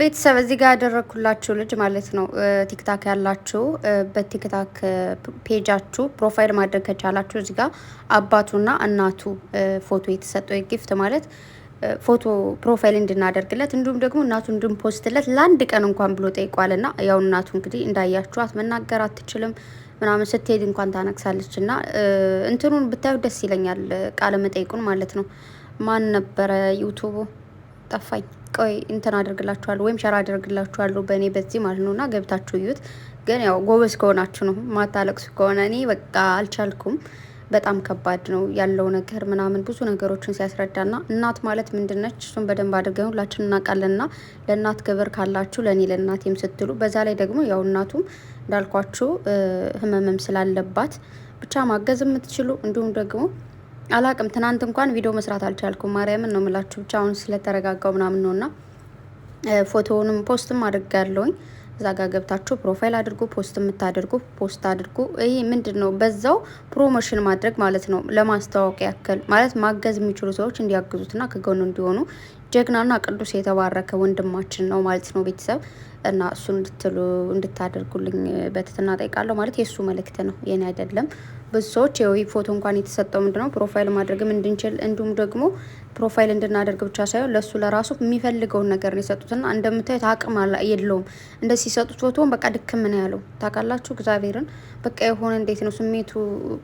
ቤተሰብ እዚህ ጋር ያደረግኩላችሁ ልጅ ማለት ነው። ቲክታክ ያላችሁ በቲክታክ ፔጃችሁ ፕሮፋይል ማድረግ ከቻላችሁ እዚህ ጋር አባቱና እናቱ ፎቶ የተሰጠው ጊፍት ማለት ፎቶ ፕሮፋይል እንድናደርግለት እንዲሁም ደግሞ እናቱ እንድንፖስትለት ለአንድ ቀን እንኳን ብሎ ጠይቋልና ያው እናቱ እንግዲህ እንዳያችኋት መናገር አትችልም ምናምን ስትሄድ እንኳን ታነቅሳለች። እና እንትኑን ብታዩ ደስ ይለኛል፣ ቃለ መጠይቁን ማለት ነው። ማን ነበረ ዩቱቡ ጠፋኝ። ቆይ እንትን አድርግላችኋለሁ ወይም ሸራ አድርግላችኋለሁ በእኔ በዚህ ማለት ነው። እና ገብታችሁ እዩት። ግን ያው ጎበዝ ከሆናችሁ ነው። ማታለቅሱ ከሆነ እኔ በቃ አልቻልኩም። በጣም ከባድ ነው ያለው ነገር ምናምን ብዙ ነገሮችን ሲያስረዳና እናት ማለት ምንድን ነች እሱን በደንብ አድርገን ሁላችን እናውቃለንና ለእናት ክብር ካላችሁ ለእኔ ለእናቴም ስትሉ በዛ ላይ ደግሞ ያው እናቱም እንዳልኳችሁ ህመምም ስላለባት ብቻ ማገዝ የምትችሉ እንዲሁም ደግሞ አላቅም። ትናንት እንኳን ቪዲዮ መስራት አልቻልኩም። ማርያምን ነው የምላችሁ። ብቻ አሁን ስለተረጋጋው ምናምን ነውና ፎቶውንም ፖስትም አድርጋለሁኝ። እዛ ጋር ገብታችሁ ፕሮፋይል አድርጉ፣ ፖስት የምታደርጉ ፖስት አድርጉ። ይህ ምንድን ነው? በዛው ፕሮሞሽን ማድረግ ማለት ነው። ለማስተዋወቅ ያክል ማለት ማገዝ የሚችሉ ሰዎች እንዲያግዙትና ከጎኑ እንዲሆኑ ጀግናና ቅዱስ የተባረከ ወንድማችን ነው ማለት ነው ቤተሰብ እና እሱ እንድትሉ እንድታደርጉልኝ በትትና ጠይቃለሁ። ማለት የእሱ መልእክት ነው፣ የኔ አይደለም። ብዙ ሰዎች የዊብ ፎቶ እንኳን የተሰጠው ነው ፕሮፋይል ማድረግም እንድንችል እንዲሁም ደግሞ ፕሮፋይል እንድናደርግ ብቻ ሳይሆን ለእሱ ለራሱ የሚፈልገውን ነገር ነው የሰጡትና እንደምታዩት አቅም የለውም። እንደዚህ ሲሰጡት ፎቶውን በቃ ድክም ነው ያለው ታውቃላችሁ። እግዚአብሔርን በቃ የሆነ እንዴት ነው ስሜቱ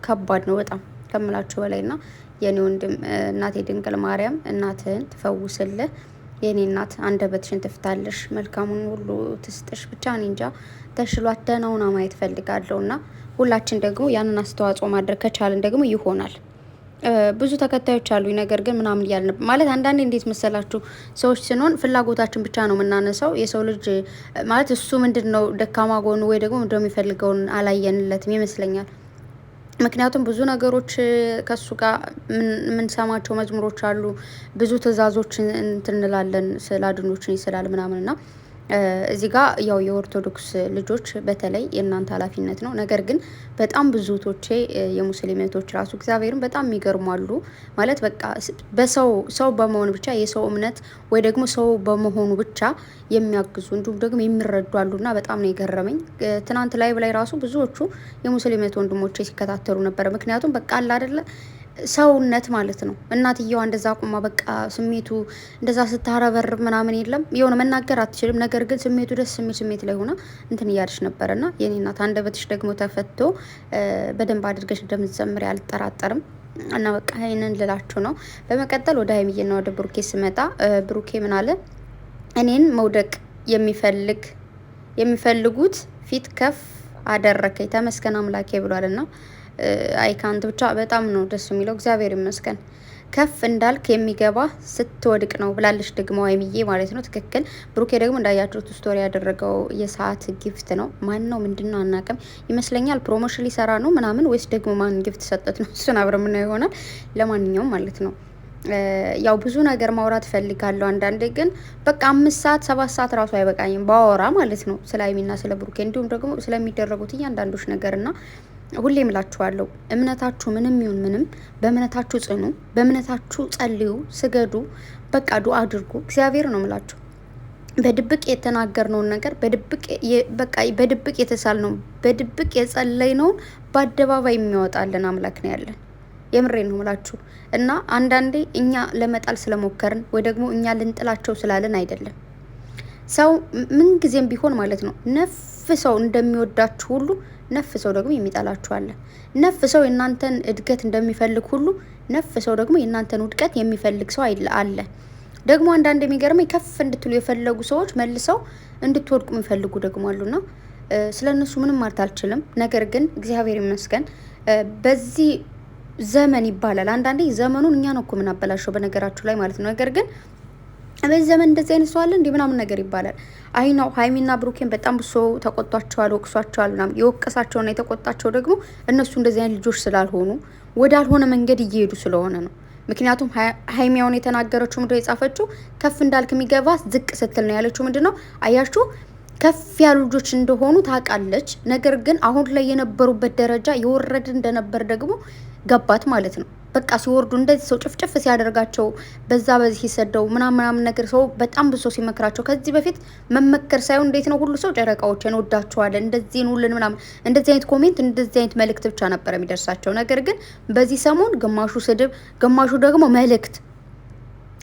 ከባድ ነው በጣም ከምላችሁ በላይ ና የኔ ወንድም እናቴ ድንግል ማርያም እናትህን ትፈውስልህ። የኔ እናት አንደበትሽን ትፍታለሽ፣ መልካሙን ሁሉ ትስጥሽ። ብቻ እኔ እንጃ ተሽሏት ደህና ሆና ማየት ፈልጋለሁ እና ሁላችን ደግሞ ያንን አስተዋጽኦ ማድረግ ከቻልን ደግሞ ይሆናል። ብዙ ተከታዮች አሉ፣ ነገር ግን ምናምን እያልን ማለት አንዳንዴ እንዴት መሰላችሁ ሰዎች ስንሆን ፍላጎታችን ብቻ ነው የምናነሳው። የሰው ልጅ ማለት እሱ ምንድን ነው ደካማ ጎኑ ወይ ደግሞ ምንድነው የሚፈልገውን አላየንለትም ይመስለኛል። ምክንያቱም ብዙ ነገሮች ከሱ ጋር የምንሰማቸው መዝሙሮች አሉ። ብዙ ትዕዛዞች እንትንላለን እንላለን ስለ አድኖችን ይስላል ምናምን ና እዚህ ጋ ያው የኦርቶዶክስ ልጆች በተለይ የእናንተ ኃላፊነት ነው። ነገር ግን በጣም ብዙ ቶቼ የሙስሊም እህቶች ራሱ እግዚአብሔርን በጣም ይገርማሉ። ማለት በቃ በሰው ሰው በመሆኑ ብቻ የሰው እምነት ወይ ደግሞ ሰው በመሆኑ ብቻ የሚያግዙ እንዲሁም ደግሞ የሚረዱ አሉና በጣም ነው የገረመኝ። ትናንት ላይቭ ላይ ራሱ ብዙዎቹ የሙስሊም እህት ወንድሞቼ ሲከታተሉ ነበረ። ምክንያቱም በቃ አለ አይደለ ሰውነት ማለት ነው። እናትየዋ እንደዛ ቁማ በቃ ስሜቱ እንደዛ ስታረበር ምናምን የለም የሆነ መናገር አትችልም። ነገር ግን ስሜቱ ደስ የሚል ስሜት ላይ ሆና እንትን እያለች ነበር ና የኔ እናት አንደበትሽ ደግሞ ተፈቶ በደንብ አድርገሽ እንደምትዘምሪ አልጠራጠርም። እና በቃ ይህንን ልላችሁ ነው። በመቀጠል ወደ ሀይሚዬና ወደ ብሩኬ ስመጣ ብሩኬ ምን አለ? እኔን መውደቅ የሚፈልግ የሚፈልጉት ፊት ከፍ አደረከኝ ተመስገን አምላኬ ብሏል ና አይካንት ብቻ በጣም ነው ደስ የሚለው። እግዚአብሔር ይመስገን። ከፍ እንዳልክ የሚገባ ስትወድቅ ነው ብላለች ደግሞ ሀይሚዬ ማለት ነው። ትክክል። ብሩኬ ደግሞ እንዳያችሁት ስቶሪ ያደረገው የሰዓት ጊፍት ነው። ማን ነው ምንድን ነው አናውቅም። ይመስለኛል ፕሮሞሽን ሊሰራ ነው ምናምን፣ ወይስ ደግሞ ማን ጊፍት ሰጠት ነው? እሱን አብረ ምናየው ይሆናል። ለማንኛውም ማለት ነው ያው ብዙ ነገር ማውራት ፈልጋለሁ። አንዳንዴ ግን በቃ አምስት ሰዓት ሰባት ሰዓት ራሱ አይበቃኝም ባወራ ማለት ነው ስለ ሀይሚና ስለ ብሩኬ እንዲሁም ደግሞ ስለሚደረጉት እያንዳንዶች ነገርና ሁሌም እላችኋለሁ እምነታችሁ ምንም ይሁን ምንም፣ በእምነታችሁ ጽኑ፣ በእምነታችሁ ጸልዩ፣ ስገዱ፣ በቃ ዱ አድርጉ። እግዚአብሔር ነው ምላችሁ በድብቅ የተናገርነውን ነገር በድብቅ በቃ በድብቅ የተሳልነውን በድብቅ የጸለይነውን በአደባባይ የሚያወጣልን አምላክ ነው ያለን። የምሬ ነው ምላችሁ እና አንዳንዴ እኛ ለመጣል ስለሞከርን ወይ ደግሞ እኛ ልንጥላቸው ስላለን አይደለም። ሰው ምንጊዜም ቢሆን ማለት ነው ነፍ ሰው እንደሚወዳችሁ ሁሉ ነፍ ሰው ደግሞ የሚጠላችሁ አለ። ነፍ ሰው የእናንተን እድገት እንደሚፈልግ ሁሉ ነፍ ሰው ደግሞ የእናንተን ውድቀት የሚፈልግ ሰው አለ። ደግሞ አንዳንድ የሚገርመኝ ከፍ እንድትሉ የፈለጉ ሰዎች መልሰው እንድትወድቁ የሚፈልጉ ደግሞ አሉና ስለ እነሱ ምንም ማለት አልችልም። ነገር ግን እግዚአብሔር ይመስገን በዚህ ዘመን ይባላል አንዳንዴ ዘመኑን እኛ ነው እኮ የምናበላሸው በነገራችሁ ላይ ማለት ነው። ነገር ግን በዚህ ዘመን እንደዚህ አይነት ሰው አለ እንዲህ ምናምን ነገር ይባላል። አይ ነው ሀይሚና ብሩኬን በጣም ብሶ ተቆጧቸዋል፣ ወቅሷቸዋል። ምናምን የወቀሳቸውና የተቆጣቸው ደግሞ እነሱ እንደዚህ አይነት ልጆች ስላልሆኑ ወዳልሆነ መንገድ እየሄዱ ስለሆነ ነው። ምክንያቱም ሀይሚያውን የተናገረችው ምድ የጻፈችው ከፍ እንዳልክ የሚገባ ዝቅ ስትል ነው ያለችው። ምንድን ነው አያችሁ ከፍ ያሉ ልጆች እንደሆኑ ታውቃለች። ነገር ግን አሁን ላይ የነበሩበት ደረጃ የወረድ እንደነበር ደግሞ ገባት ማለት ነው። በቃ ሲወርዱ እንደዚህ ሰው ጭፍጭፍ ሲያደርጋቸው በዛ በዚህ ሲሰደው ምናምን ምናምን ነገር ሰው በጣም ብዙ ሰው ሲመክራቸው ከዚህ በፊት መመከር ሳይሆን እንዴት ነው ሁሉ ሰው ጨረቃዎች እንወዳቸዋለን እንደዚህ ሁልን ምናምን እንደዚህ አይነት ኮሜንት እንደዚህ አይነት መልእክት ብቻ ነበር የሚደርሳቸው። ነገር ግን በዚህ ሰሞን ግማሹ ስድብ፣ ግማሹ ደግሞ መልእክት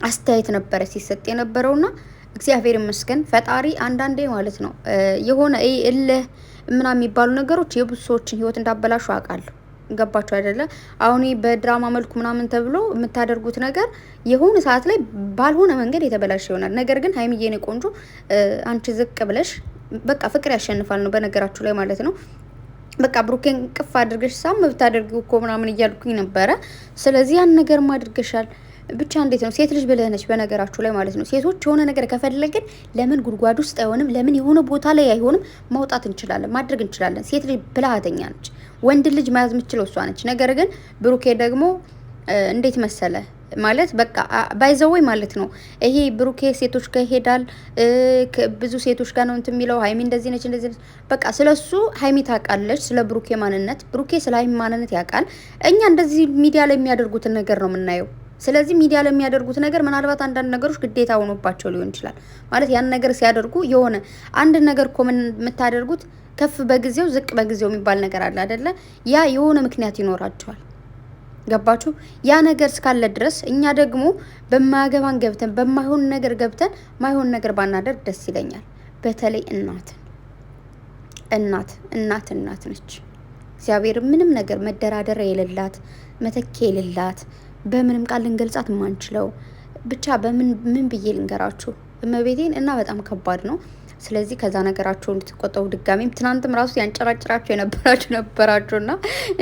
አስተያየት ነበረ ሲሰጥ የነበረውና እግዚአብሔር ይመስገን ፈጣሪ አንዳንዴ ማለት ነው የሆነ እልህ ምናምን የሚባሉ ነገሮች የብዙ ሰዎችን ህይወት እንዳበላሹ አውቃለሁ። ገባችሁ አይደለ? አሁን በድራማ መልኩ ምናምን ተብሎ የምታደርጉት ነገር የሆነ ሰዓት ላይ ባልሆነ መንገድ የተበላሸ ይሆናል። ነገር ግን ሀይሚዬ ቆንጆ አንቺ ዝቅ ብለሽ በቃ ፍቅር ያሸንፋል ነው በነገራችሁ ላይ ማለት ነው። በቃ ብሩኬን ቅፍ አድርገሽ ሳም ብታደርጊው እኮ ምናምን እያልኩኝ ነበረ። ስለዚህ ያን ነገርም አድርገሻል። ብቻ እንዴት ነው ሴት ልጅ ብለነች በነገራችሁ ላይ ማለት ነው። ሴቶች የሆነ ነገር ከፈለግን ለምን ጉድጓድ ውስጥ አይሆንም፣ ለምን የሆነ ቦታ ላይ አይሆንም፣ ማውጣት እንችላለን፣ ማድረግ እንችላለን። ሴት ልጅ ብልሃተኛ ነች። ወንድ ልጅ መያዝ የምትችለው እሷ ነች። ነገር ግን ብሩኬ ደግሞ እንዴት መሰለ ማለት በቃ ባይዘወይ ማለት ነው። ይሄ ብሩኬ ሴቶች ጋር ይሄዳል፣ ብዙ ሴቶች ጋር ነው እንትን የሚለው። ሀይሚ እንደዚህ ነች እንደዚህ ነች። በቃ ስለ እሱ ሀይሚ ታውቃለች፣ ስለ ብሩኬ ማንነት፣ ብሩኬ ስለ ሀይሚ ማንነት ያውቃል። እኛ እንደዚህ ሚዲያ ላይ የሚያደርጉትን ነገር ነው የምናየው። ስለዚህ ሚዲያ ለሚያደርጉት ነገር ምናልባት አንዳንድ ነገሮች ግዴታ ሆኖባቸው ሊሆን ይችላል። ማለት ያን ነገር ሲያደርጉ የሆነ አንድ ነገር እኮ የምታደርጉት ከፍ በጊዜው ዝቅ በጊዜው የሚባል ነገር አለ አይደለ? ያ የሆነ ምክንያት ይኖራቸዋል። ገባችሁ? ያ ነገር እስካለ ድረስ እኛ ደግሞ በማያገባን ገብተን በማይሆን ነገር ገብተን ማይሆን ነገር ባናደርግ ደስ ይለኛል። በተለይ እናትን እናት እናት እናት ነች። እግዚአብሔር ምንም ነገር መደራደሪያ የሌላት መተኪያ የሌላት በምንም ቃል ልንገልጻት የማንችለው ብቻ በምን ምን ብዬ ልንገራችሁ እመቤቴን እና በጣም ከባድ ነው። ስለዚህ ከዛ ነገራቸው እንድትቆጠቡ ድጋሜም ትናንትም ራሱ ያንጨራጭራቸው የነበራችሁ ነበራችሁ እና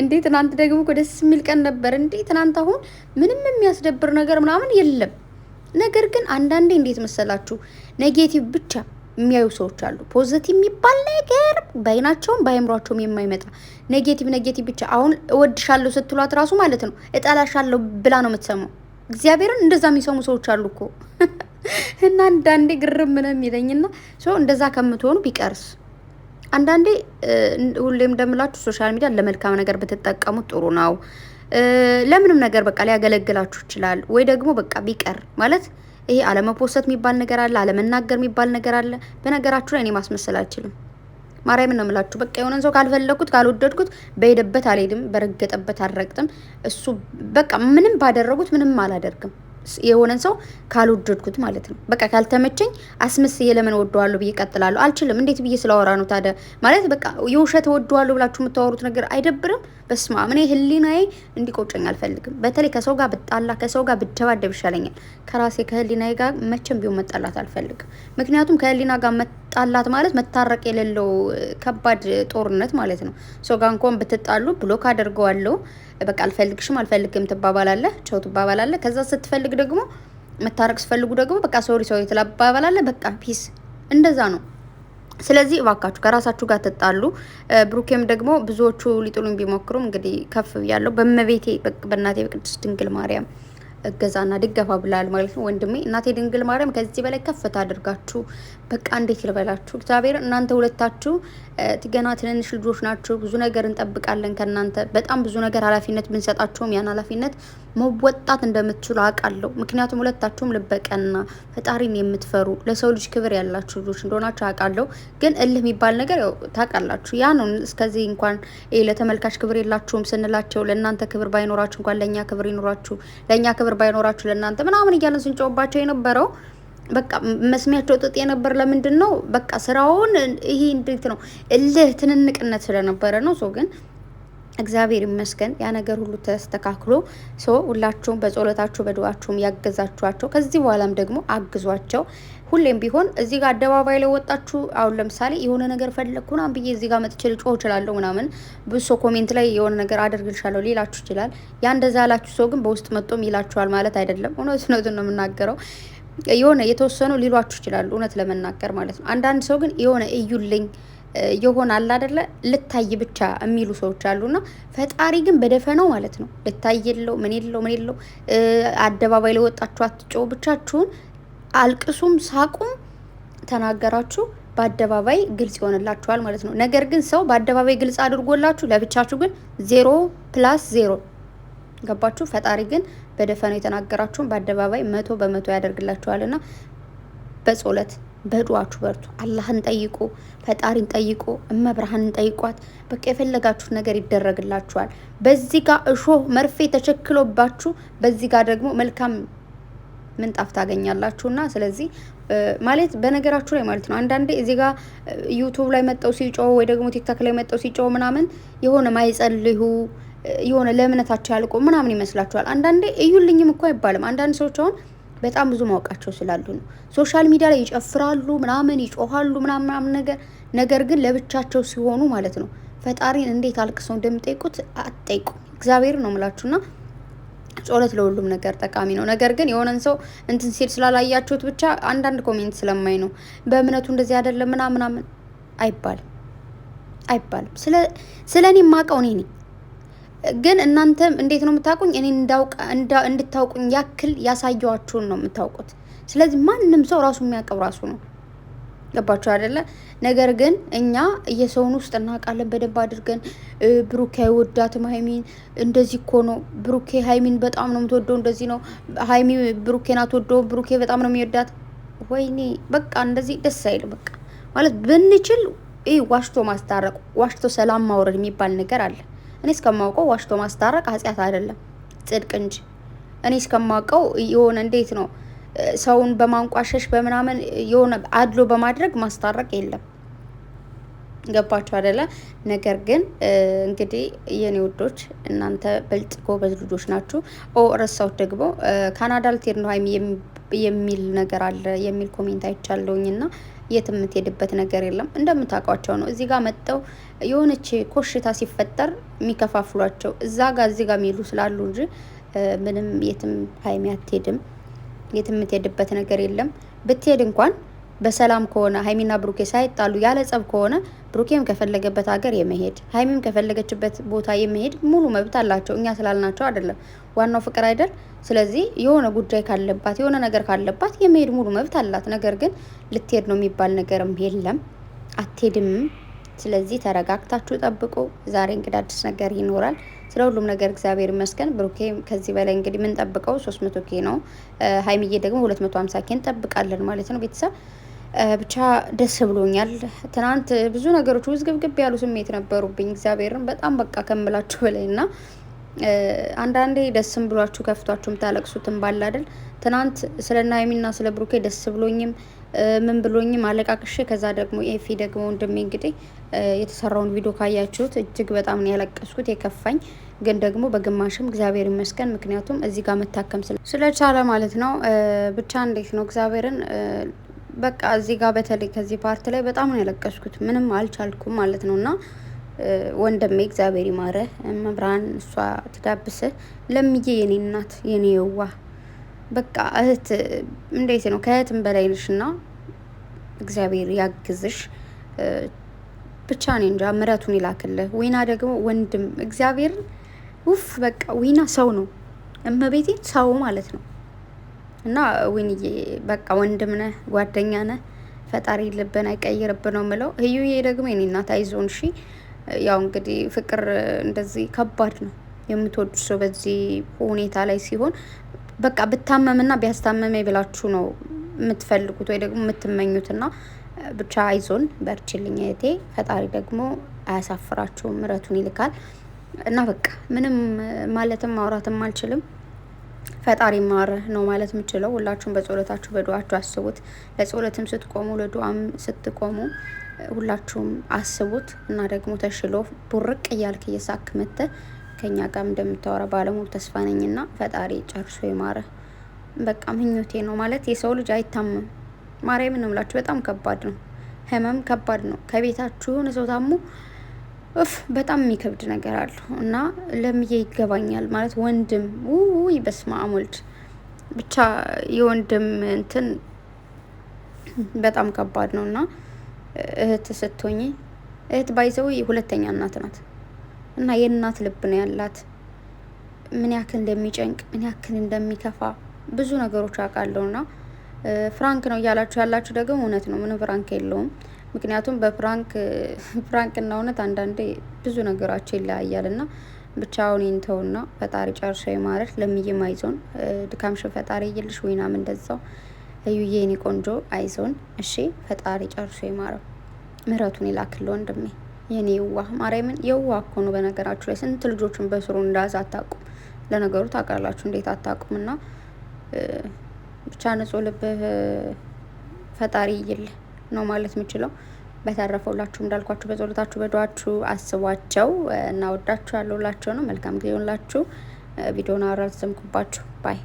እንዴ ትናንት ደግሞ እኮ ደስ የሚል ቀን ነበር። እንዴ ትናንት አሁን ምንም የሚያስደብር ነገር ምናምን የለም። ነገር ግን አንዳንዴ እንዴት መሰላችሁ ኔጌቲቭ ብቻ የሚያዩ ሰዎች አሉ። ፖዘቲቭ የሚባል ነገር በአይናቸውም በአይምሯቸውም የማይመጣ ኔጌቲቭ ኔጌቲቭ ብቻ። አሁን እወድሻለሁ ስትሏት ራሱ ማለት ነው እጠላሻለሁ ብላ ነው የምትሰማው። እግዚአብሔርን እንደዛ የሚሰሙ ሰዎች አሉ እኮ እና አንዳንዴ ግርም ነው የሚለኝና ሰው እንደዛ ከምትሆኑ ቢቀርስ አንዳንዴ ሁሌም እንደምላችሁ ሶሻል ሚዲያ ለመልካም ነገር ብትጠቀሙት ጥሩ ነው። ለምንም ነገር በቃ ሊያገለግላችሁ ይችላል። ወይ ደግሞ በቃ ቢቀር ማለት ይሄ አለመፖሰት የሚባል ነገር አለ፣ አለመናገር የሚባል ነገር አለ። በነገራችሁ ላይ እኔ ማስመሰል አልችልም። ማርያም ነው የምላችሁ። በቃ የሆነን ሰው ካልፈለግኩት ካልወደድኩት በሄደበት አልሄድም፣ በረገጠበት አልረግጥም። እሱ በቃ ምንም ባደረጉት ምንም አላደርግም። የሆነን ሰው ካልወደድኩት ማለት ነው። በቃ ካልተመቸኝ አስመስዬ ለምን ወደዋለሁ ብዬ ቀጥላለሁ? አልችልም። እንዴት ብዬ ስላወራ ነው ታዲያ? ማለት በቃ የውሸት ወደዋለሁ ብላችሁ የምታወሩት ነገር አይደብርም? በስማ እኔ ህሊናዬ እንዲቆጨኝ አልፈልግም። በተለይ ከሰው ጋር ብጣላ፣ ከሰው ጋር ብደባደብ ይሻለኛል። ከራሴ ከህሊናዬ ጋር መቼም ቢሆን መጣላት አልፈልግም። ምክንያቱም ከህሊና ጋር መጣላት ማለት መታረቅ የሌለው ከባድ ጦርነት ማለት ነው። ሶ ጋ እንኳን ብትጣሉ ብሎክ አድርገዋለሁ። በቃ አልፈልግሽም፣ አልፈልግም ትባባላለህ፣ ቸው ትባባላለህ። ከዛ ስትፈልግ ደግሞ መታረቅ ስፈልጉ ደግሞ በቃ ሶሪ ሰው ትባባላለህ፣ በቃ ፒስ። እንደዛ ነው። ስለዚህ እባካችሁ ከራሳችሁ ጋር ትጣሉ። ብሩኬም ደግሞ ብዙዎቹ ሊጥሉኝ ቢሞክሩም እንግዲህ ከፍ ያለው በመቤቴ በእናቴ በቅድስት ድንግል ማርያም እገዛና ድገፋ ብላል ማለት ነው። ወንድሜ እናቴ ድንግል ማርያም ከዚህ በላይ ከፍታ አድርጋችሁ በቃ እንዴት ልበላችሁ? እግዚአብሔር እናንተ ሁለታችሁ ገና ትንንሽ ልጆች ናችሁ። ብዙ ነገር እንጠብቃለን ከእናንተ በጣም ብዙ ነገር ኃላፊነት ብንሰጣችሁም ያን ኃላፊነት መወጣት እንደምትችሉ አውቃለሁ። ምክንያቱም ሁለታችሁም ልበቀና ፈጣሪን የምትፈሩ ለሰው ልጅ ክብር ያላችሁ ልጆች እንደሆናችሁ አውቃለሁ። ግን እልህ የሚባል ነገር ያው ታውቃላችሁ። ያ ነው እስከዚህ እንኳን ለተመልካች ክብር የላችሁም ስንላቸው ለእናንተ ክብር ባይኖራችሁ እንኳን ለእኛ ክብር ይኖራችሁ፣ ለእኛ ክብር ባይኖራችሁ ለእናንተ ምናምን እያለን ስንጮባቸው የነበረው በቃ መስሚያቸው ጥጥ የነበር ለምንድን ነው? በቃ ስራውን ይሄ እንዴት ነው እልህ ትንንቅነት ስለነበረ ነው ሰው ግን እግዚአብሔር ይመስገን ያ ነገር ሁሉ ተስተካክሎ ሰው ሁላችሁም በጸሎታችሁ በድዋችሁም ያገዛችኋቸው ከዚህ በኋላም ደግሞ አግዟቸው። ሁሌም ቢሆን እዚህ ጋር አደባባይ ላይ ወጣችሁ አሁን ለምሳሌ የሆነ ነገር ፈለግኩ ምናምን ብዬ እዚህ ጋር መጥቼ ልጮህ እችላለሁ ምናምን ብዙ ሰው ኮሜንት ላይ የሆነ ነገር አደርግልሻለሁ ሊላችሁ ይችላል። ያ እንደዛ ያላችሁ ሰው ግን በውስጥ መጥቶም ይላችኋል ማለት አይደለም። እውነት ነው የምናገረው። የሆነ የተወሰኑ ሊሏችሁ ይችላሉ እውነት ለመናገር ማለት ነው። አንዳንድ ሰው ግን የሆነ እዩልኝ የሆነ አደለ? ልታይ ብቻ የሚሉ ሰዎች አሉና፣ ፈጣሪ ግን በደፈነው ማለት ነው ልታይ የለው ምን የለው ምን የለው አደባባይ ላይ ወጣችሁ አትጮው፣ ብቻችሁን አልቅሱም ሳቁም ተናገራችሁ በአደባባይ ግልጽ ይሆንላችኋል ማለት ነው። ነገር ግን ሰው በአደባባይ ግልጽ አድርጎላችሁ ለብቻችሁ ግን ዜሮ ፕላስ ዜሮ ገባችሁ። ፈጣሪ ግን በደፈነው የተናገራችሁን በአደባባይ መቶ በመቶ ያደርግላችኋልና በጸሎት በዱዋችሁ በርቱ። አላህን ጠይቁ፣ ፈጣሪን ጠይቁ፣ እመብርሃንን ጠይቋት። በቃ የፈለጋችሁት ነገር ይደረግላችኋል። በዚህ ጋር እሾህ መርፌ ተቸክሎባችሁ፣ በዚህ ጋር ደግሞ መልካም ምንጣፍ ታገኛላችሁና ስለዚህ ማለት በነገራችሁ ላይ ማለት ነው። አንዳንዴ እዚህ ጋር ዩቱብ ላይ መጠው ሲጮው ወይ ደግሞ ቲክታክ ላይ መጠው ሲጮው ምናምን የሆነ ማይጸልዩ የሆነ ለእምነታቸው ያልቆ ምናምን ይመስላችኋል። አንዳንዴ እዩልኝም እኮ አይባልም። አንዳንድ ሰዎች አሁን በጣም ብዙ ማውቃቸው ስላሉ ነው። ሶሻል ሚዲያ ላይ ይጨፍራሉ ምናምን ይጮኋሉ ምናምን ነገር ነገር ግን ለብቻቸው ሲሆኑ ማለት ነው ፈጣሪን እንዴት አልቅሰው እንደምጠይቁት አጠይቁ እግዚአብሔር ነው ምላችሁና ጸሎት ለሁሉም ነገር ጠቃሚ ነው። ነገር ግን የሆነን ሰው እንትን ሲል ስላላያችሁት ብቻ አንዳንድ ኮሜንት ስለማይ ነው በእምነቱ እንደዚህ አይደለም ምናምን አይባልም አይባልም። ስለ እኔ የማውቀው እኔ ነኝ ግን እናንተም እንዴት ነው የምታውቁኝ? እኔ እንድታውቁኝ ያክል ያሳየዋችሁን ነው የምታውቁት። ስለዚህ ማንም ሰው ራሱ የሚያውቀው ራሱ ነው። ገባችሁ አይደለ? ነገር ግን እኛ የሰውን ውስጥ እናውቃለን በደንብ አድርገን። ብሩኬ አይወዳትም ሀይሚን፣ እንደዚህ እኮ ነው ብሩኬ ሀይሚን በጣም ነው የምትወደው፣ እንደዚህ ነው ሀይሚ ብሩኬን አትወደው፣ ብሩኬ በጣም ነው የሚወዳት። ወይኔ በቃ እንደዚህ ደስ አይልም። በቃ ማለት ብንችል ይህ ዋሽቶ ማስታረቅ ዋሽቶ ሰላም ማውረድ የሚባል ነገር አለ። እኔ እስከማውቀው ዋሽቶ ማስታረቅ ኃጢአት አይደለም፣ ጽድቅ እንጂ። እኔ እስከማውቀው የሆነ እንዴት ነው ሰውን በማንቋሸሽ በምናምን የሆነ አድሎ በማድረግ ማስታረቅ የለም። ገባችሁ አይደለ? ነገር ግን እንግዲህ የኔ ውዶች እናንተ ብልጥ ጎበዝ ልጆች ናችሁ። ኦ ረሳሁት ደግሞ ካናዳ ልትሄድ ነው ሀይሚ የሚል ነገር አለ የሚል ኮሜንት አይቻለውኝ ና የት የምትሄድበት ነገር የለም። እንደምታውቋቸው ነው። እዚህ ጋር መጥተው የሆነች ኮሽታ ሲፈጠር የሚከፋፍሏቸው እዛ ጋር እዚህ ጋር የሚሉ ስላሉ እንጂ ምንም የትም ሀይሚ አትሄድም። የት የምትሄድበት ነገር የለም። ብትሄድ እንኳን በሰላም ከሆነ ሀይሚና ብሩኬ ሳይጣሉ ያለ ጸብ ከሆነ ብሩኬም ከፈለገበት ሀገር የመሄድ ሀይሚም ከፈለገችበት ቦታ የመሄድ ሙሉ መብት አላቸው። እኛ ስላልናቸው አይደለም፣ ዋናው ፍቅር አይደል? ስለዚህ የሆነ ጉዳይ ካለባት የሆነ ነገር ካለባት የመሄድ ሙሉ መብት አላት። ነገር ግን ልትሄድ ነው የሚባል ነገርም የለም፣ አትሄድም። ስለዚህ ተረጋግታችሁ ጠብቁ። ዛሬ እንግዲህ አዲስ ነገር ይኖራል። ስለ ሁሉም ነገር እግዚአብሔር ይመስገን። ብሩኬ ከዚህ በላይ እንግዲህ የምንጠብቀው ሶስት መቶ ኬ ነው። ሀይሚዬ ደግሞ ሁለት መቶ ሀምሳ ኬ እንጠብቃለን ማለት ነው ቤተሰብ ብቻ ደስ ብሎኛል። ትናንት ብዙ ነገሮች ውዝግብግብ ያሉ ስሜት ነበሩብኝ። እግዚአብሔርን በጣም በቃ ከምላችሁ በላይ እና አንዳንዴ ደስም ብሏችሁ ከፍቷችሁ የምታለቅሱትን ባለ አይደል። ትናንት ስለ ናይሚና ስለ ብሩኬ ደስ ብሎኝም ምን ብሎኝም አለቃቅሼ፣ ከዛ ደግሞ ኤፊ ደግሞ ወንድሜ እንግዲህ የተሰራውን ቪዲዮ ካያችሁት እጅግ በጣም ነው ያለቀስኩት የከፋኝ፣ ግን ደግሞ በግማሽም እግዚአብሔር ይመስገን፣ ምክንያቱም እዚህ ጋር መታከም ስለቻለ ማለት ነው። ብቻ እንዴት ነው እግዚአብሔርን በቃ እዚህ ጋር በተለይ ከዚህ ፓርት ላይ በጣም ነው ያለቀስኩት። ምንም አልቻልኩም ማለት ነው። እና ወንድሜ እግዚአብሔር ይማረህ፣ መብራን እሷ ትዳብስ፣ ለምዬ የኔ እናት የኔ የዋ በቃ እህት እንዴት ነው ከእህትም በላይ ነሽ። እና እግዚአብሔር ያግዝሽ ብቻ እኔ እንጃ ምረቱን ይላክልህ። ዊና ደግሞ ወንድም እግዚአብሔር ውፍ በቃ ዊና ሰው ነው እመቤቴ ሰው ማለት ነው። እና ዊንዬ በቃ ወንድም ነህ፣ ጓደኛ ነህ። ፈጣሪ ልብን አይቀይርብ ነው የምለው። ህዩዬ ደግሞ የኔ እናት አይዞን። እሺ ያው እንግዲህ ፍቅር እንደዚህ ከባድ ነው። የምትወዱት ሰው በዚህ ሁኔታ ላይ ሲሆን በቃ ብታመምና ቢያስታመመ ብላችሁ ነው የምትፈልጉት ወይ ደግሞ የምትመኙትና ብቻ አይዞን፣ በርችልኝ እህቴ። ፈጣሪ ደግሞ አያሳፍራችሁም፣ ምረቱን ይልካል እና በቃ ምንም ማለትም ማውራትም አልችልም። ፈጣሪ ማር ነው ማለት የምችለው። ሁላችሁም በጸሎታችሁ በዱዋችሁ አስቡት። ለጸሎትም ስትቆሙ፣ ለዱዋም ስትቆሙ ሁላችሁም አስቡት እና ደግሞ ተሽሎ ቡርቅ እያልክ እየሳክ መተ ከኛ ጋር እንደምታወራ ባለሙሉ ተስፋ ነኝ። ና ፈጣሪ ጨርሶ ይማረ። በቃ ምኞቴ ነው ማለት የሰው ልጅ አይታምም። ማርያምን እምላችሁ በጣም ከባድ ነው። ህመም ከባድ ነው። ከቤታችሁ የሆነ ሰው ታሞ እፍ በጣም የሚከብድ ነገር አለሁ እና ለምዬ ይገባኛል ማለት ወንድም ውይ በስመ አብ ወልድ ብቻ የወንድም እንትን በጣም ከባድ ነው እና እህት ስትሆኝ እህት ባይዘው ሁለተኛ እናት ናት እና የእናት ልብ ነው ያላት። ምን ያክል እንደሚጨንቅ ምን ያክል እንደሚከፋ ብዙ ነገሮች አውቃለሁ እና ፍራንክ ነው እያላችሁ ያላችሁ ደግሞ እውነት ነው። ምንም ፍራንክ የለውም። ምክንያቱም በፕራንክ ፕራንክና እውነት አንዳንዴ ብዙ ነገራቸው ይለያያል ና ብቻ አሁን ይንተውና ፈጣሪ ጨርሻ ይማረሽ። ለምዬም አይዞን ድካምሽን ፈጣሪ ይልሽ። ወይናም እንደዛው እዩዬ የኔ ቆንጆ አይዞን። እሺ ፈጣሪ ጨርሻ ይማረው፣ ምሕረቱን ይላክል ወንድሜ የኔ የዋህ ማርያምን የዋህ እኮ ነው። በነገራችሁ ላይ ስንት ልጆችን በስሩ እንዳዝ አታቁም። ለነገሩ ታውቃላችሁ እንዴት አታቁም። እና ብቻ ንጹህ ልብህ ፈጣሪ ይይልህ። ነው ማለት የምችለው። በተረፈውላችሁ እንዳልኳችሁ በጸሎታችሁ በዱዓችሁ አስቧቸው እና ወዳችሁ ያለውላቸው ነው። መልካም ጊዜ ሆንላችሁ። ቪዲዮን አወራ አልዘምኩባችሁ ባይ